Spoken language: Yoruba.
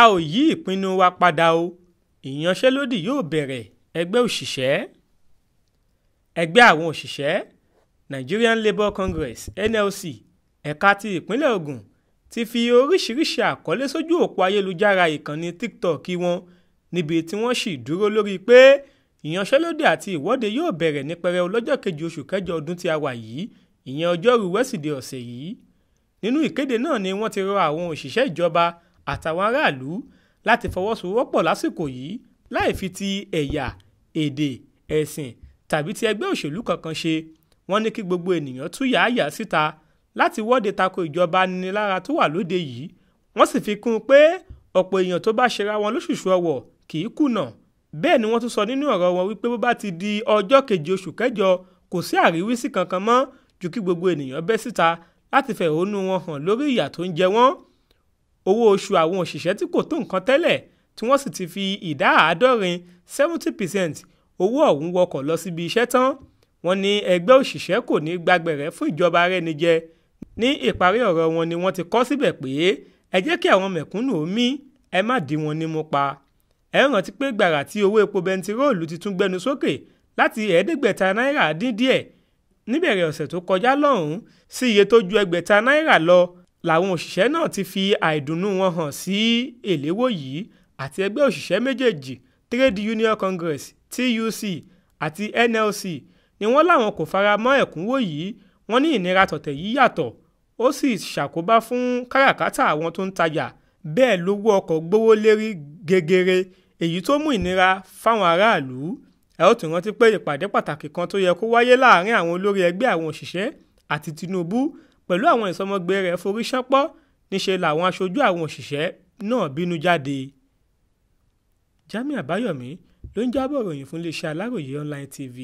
a ò yí ìpinnu wa padà o ìyanṣẹ́lódì yóò bẹ̀rẹ̀ ẹgbẹ́ òṣìṣẹ́ ẹgbẹ́ àwọn òṣìṣẹ́ Nigerian Labour Congress NLC ẹ̀ka ti ìpínlẹ̀ Ògùn ti fi oríṣiríṣi àkọlé sójú òpó ayélujára ìkànnì TikTok wọn níbi tí wọ́n sì dúró lórí pé ìyanṣẹ́lódì àti ìwọ́de yóò bẹ̀rẹ̀ ní pẹrẹu lọ́jọ́ kejì oṣù kẹjọ ọdún tí a wà yìí ìyẹn ọjọ́rú wẹ́sídẹ̀ẹ́ ọ̀sẹ̀ yìí nínú ìkéde náà ni wọ́n ti rọ àwọn òṣìṣẹ́ ìjọba àtàwọn aráàlú láti fọwọ́sowọ́pọ̀ lásìkò yìí láì fi ti ẹ̀yà èdè ẹ̀sìn tàbí ti ẹgbẹ́ òṣèlú kankan ṣe wọ́n ní kí gbogbo ènìyàn tú yàáyà síta láti wọ́de tako ìjọba aninilára tó wà lóde yìí wọ́n sì fi kún un pé ọ̀pọ̀ èèyàn tó bá ṣera wọn lóṣùṣù ọwọ̀ kì í kùnà bẹ́ẹ̀ ni wọ́n tún sọ nínú ọ̀rọ̀ wọn wípé bó bá ti di ọjọ́ keje oṣù kẹjọ kò sí àríwísí kankan mọ́ ju kí gbogbo ènìyàn bẹ́ síta láti fẹ̀hónú wọn hàn lórí ìyà tó ń jẹ wọ́n owó oṣù àwọn òṣìṣẹ́ tí kò tó nǹkan tẹ́lẹ̀ tí wọ́n sì ti fi ìdá àádọ́rin seventy percent owó ọ̀hún wọkọ̀ lọ síbi iṣẹ́ tán wọ́n ní ẹgbẹ́ òṣìṣẹ́ kò ní gbàgbẹ̀rẹ̀ fún ìjọba arẹ́nijẹ ní ìparí ọ̀rọ̀ wọn ni wọ́n ti kọ síbẹ̀ pé ẹ jẹ́ kí àwọn mẹ̀kúnnù mí ẹ má dí wọn nímú pa ẹ rántí pé gbàrà tí owó epo bẹntiróòlù ti tún gbẹnu sókè láti ẹ̀ẹ́dẹ́gbẹ̀ta náírà dín díẹ̀ níbẹ̀rẹ̀ ọ̀sẹ̀ tó kọjá lọ́hùn-ún sí iye tó ju ẹgbẹ̀ta náírà lọ làwọn òṣìṣẹ́ náà ti fi àìdùnnú wọn hàn sí èléwó yìí àti ẹgbẹ́ òṣìṣẹ́ méjèèjì Trade Union Congress TUC àti NLC ni wọ́n láwọn kò fara mọ́ ẹ̀kúnwó yìí wọ́n ní ìnira tọ̀tẹ̀ yìí yàtọ̀ ó sì ṣàkóbá fún káràkátà àwọn tó ń tajà bẹ́ẹ̀ lówó ọkọ̀ gbówó lérí gegere èyí tó mú ìnira fáwọn aráàlú ẹ ó tún rántí pé ìpàdé pàtàkì kan tó yẹ kó wáyé láàárín àwọn olórí ẹgbẹ́ àwọn òṣìṣẹ́ àti Tinubu pẹ̀lú àwọn ìsọmọgbe rẹ̀ forí ṣánpọ́ níṣe làwọn aṣojú àwọn òṣìṣẹ́ náà bínú jáde. Jamiu Àbáyọ̀mí ló ń jábọ̀ ròyìn fún iléeṣẹ́ Aláròye online TV.